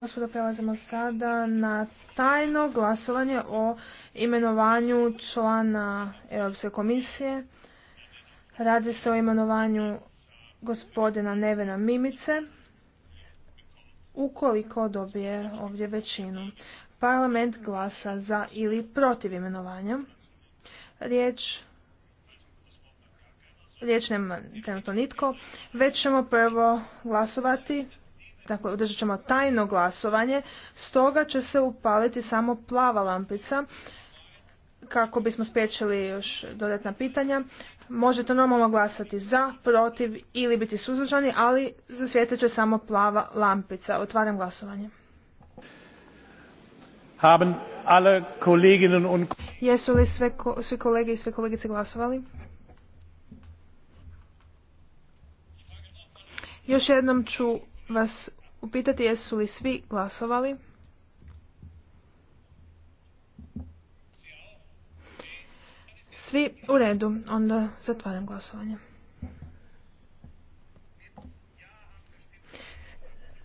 Gospodo, prelazimo sada na tajno glasovanje o imenovanju člana Europske komisije. Radi se o imenovanju gospodina Nevena Mimice, ukoliko dobije ovdje većinu. Parlament glasa za ili protiv imenovanja. Riječ Riječ nema trenutno nitko, već ćemo prvo glasovati Dakle, održat ćemo tajno glasovanje, stoga će se upaliti samo plava lampica kako bismo spriječili još dodatna pitanja. Možete normalno glasati za, protiv ili biti suzdržani, ali zasvijetit će samo plava lampica. Otvaram glasovanje. Haben alle Kolleginnen und Jesu li sve, svi kolege i sve kolegice glasovali? Još jednom ću vas upitati jesu li svi glasovali. Svi u redu, onda zatvaram glasovanje.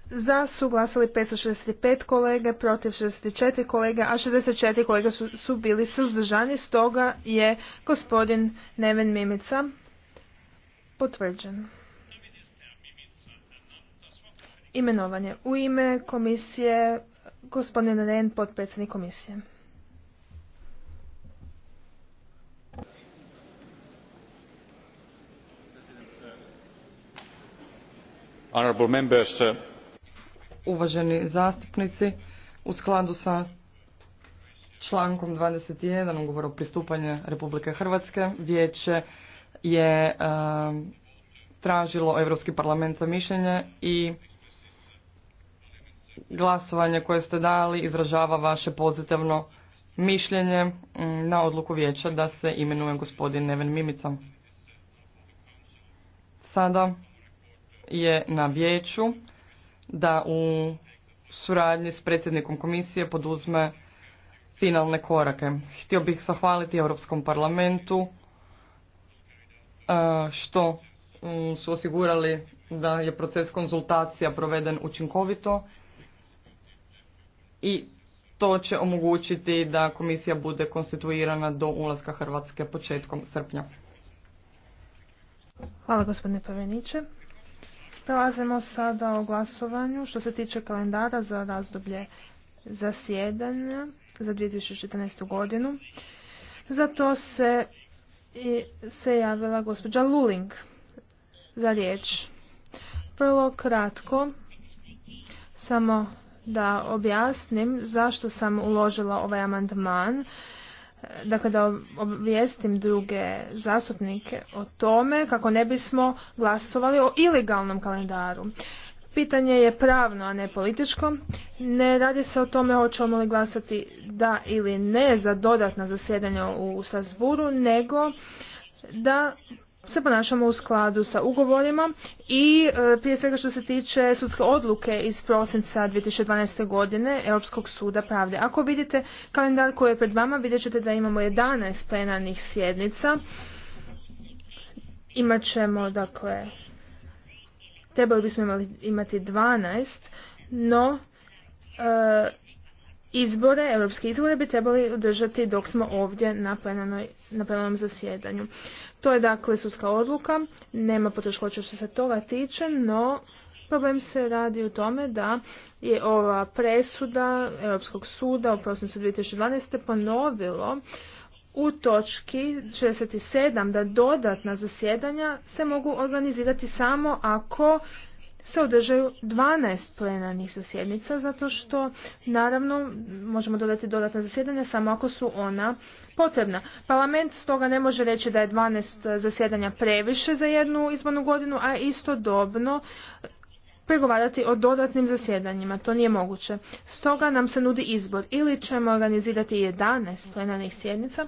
Za su glasali 565 kolege, protiv 64 kolege, a 64 kolega su, su bili suzdržani, stoga je gospodin Neven Mimica potvrđen imenovanje. U ime komisije, gospodin Ren, potpredsjednik komisije. Uh, Uvaženi zastupnici, u skladu sa člankom 21 ugovora o pristupanju Republike Hrvatske, vijeće je um, tražilo Europski parlament za mišljenje i glasovanje koje ste dali izražava vaše pozitivno mišljenje mm, na odluku vijeća da se imenuje gospodin Neven Mimica. Sada je na vijeću da u suradnji s predsjednikom komisije poduzme finalne korake. Htio bih zahvaliti Europskom parlamentu e, što mm, su osigurali da je proces konzultacija proveden učinkovito i to će omogućiti da komisija bude konstituirana do ulaska Hrvatske početkom srpnja. Hvala gospodine Pavljeniće. Prelazimo sada o glasovanju što se tiče kalendara za razdoblje zasjedanja za 2014. godinu. Za to se, i, se javila gospođa Luling za riječ. Prvo kratko, samo da objasnim zašto sam uložila ovaj amandman. Dakle, da obvijestim druge zastupnike o tome kako ne bismo glasovali o ilegalnom kalendaru. Pitanje je pravno, a ne političko. Ne radi se o tome hoćemo li glasati da ili ne za dodatna zasjedanja u Sazburu, nego da se ponašamo u skladu sa ugovorima i e, prije svega što se tiče sudske odluke iz prosinca 2012. godine Europskog suda pravde. Ako vidite kalendar koji je pred vama vidjet ćete da imamo 11 plenarnih sjednica. Imat dakle trebali bismo imati 12 no e, izbore, europske izbore bi trebali održati dok smo ovdje na plenarnom na zasjedanju. To je dakle sudska odluka, nema poteškoća što se toga tiče, no problem se radi u tome da je ova presuda Europskog suda u prosincu 2012. ponovilo u točki 67 da dodatna zasjedanja se mogu organizirati samo ako se održaju 12 plenarnih zasjednica zato što naravno možemo dodati dodatna zasjedanja samo ako su ona potrebna. Parlament stoga ne može reći da je 12 zasjedanja previše za jednu izbornu godinu, a istodobno pregovarati o dodatnim zasjedanjima. To nije moguće. Stoga nam se nudi izbor. Ili ćemo organizirati 11 plenarnih sjednica,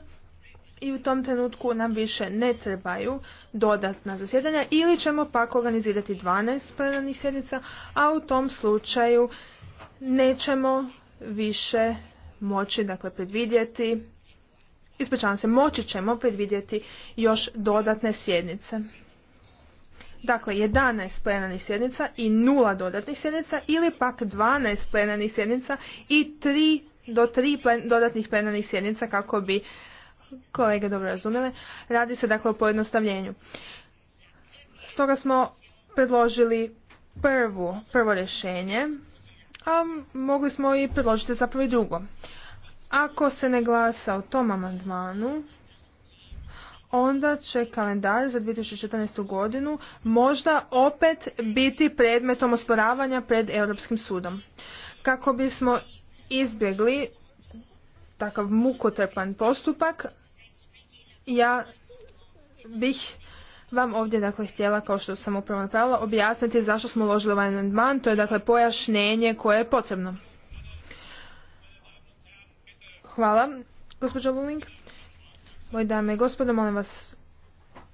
i u tom trenutku nam više ne trebaju dodatna zasjedanja ili ćemo pak organizirati 12 plenarnih sjednica, a u tom slučaju nećemo više moći dakle predvidjeti ispričavam se, moći ćemo predvidjeti još dodatne sjednice. Dakle, 11 plenarnih sjednica i 0 dodatnih sjednica ili pak 12 plenarnih sjednica i 3 do 3 dodatnih plenarnih sjednica kako bi kolege dobro razumjele, radi se dakle o pojednostavljenju. Stoga smo predložili prvu, prvo rješenje, a mogli smo i predložiti zapravo i drugo. Ako se ne glasa o tom amandmanu, onda će kalendar za 2014. godinu možda opet biti predmetom osporavanja pred Europskim sudom. Kako bismo izbjegli takav mukotrpan postupak, ja bih vam ovdje dakle htjela kao što sam upravo napravila objasniti zašto smo uložili ovaj amandman to je dakle pojašnjenje koje je potrebno hvala gospođo Luling moje dame i gospodo molim vas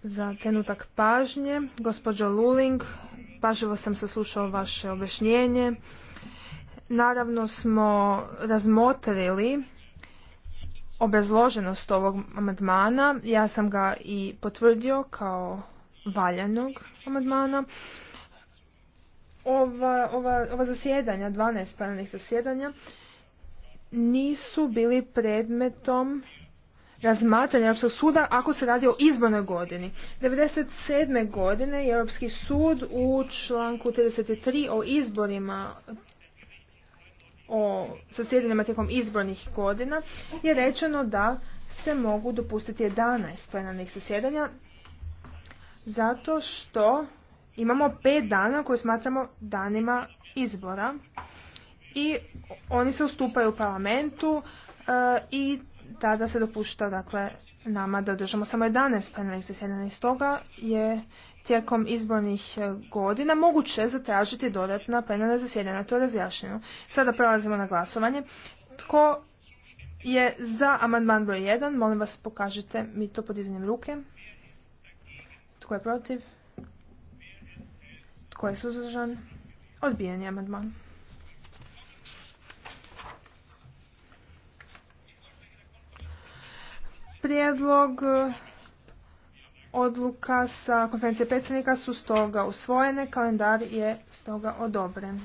za trenutak pažnje gospođo Luling pažljivo sam saslušao vaše objašnjenje naravno smo razmotrili obrazloženost ovog amandmana. Ja sam ga i potvrdio kao valjanog amandmana. Ova, zasjedanja, 12 paralelnih zasjedanja, nisu bili predmetom razmatranja Europskog suda ako se radi o izbornoj godini. 1997. godine je Europski sud u članku 33 o izborima o, sa tijekom izbornih godina je rečeno da se mogu dopustiti 11 plenarnih zasjedanja zato što imamo pet dana koje smatramo danima izbora i oni se ustupaju u parlamentu e, i tada se dopušta dakle nama da držamo samo 11 plenarnih sasjedanja Iz toga je tijekom izbornih e, godina moguće zatražiti dodatna plenarna zasjedanja. To je razjašnjeno. Sada prelazimo na glasovanje. Tko je za amandman broj 1? Molim vas pokažite mi to podizanjem ruke. Tko je protiv? Tko je suzdržan? Odbijen je amandman. Prijedlog Odluka sa konferencije predsjednika su stoga usvojene, kalendar je stoga odobren.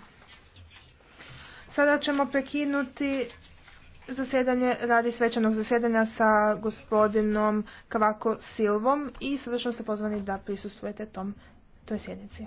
Sada ćemo prekinuti zasjedanje radi svečanog zasjedanja sa gospodinom Kavako Silvom i srdečno ste pozvani da prisustujete tom toj sjednici.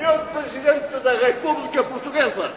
Senhor Presidente da República Portuguesa.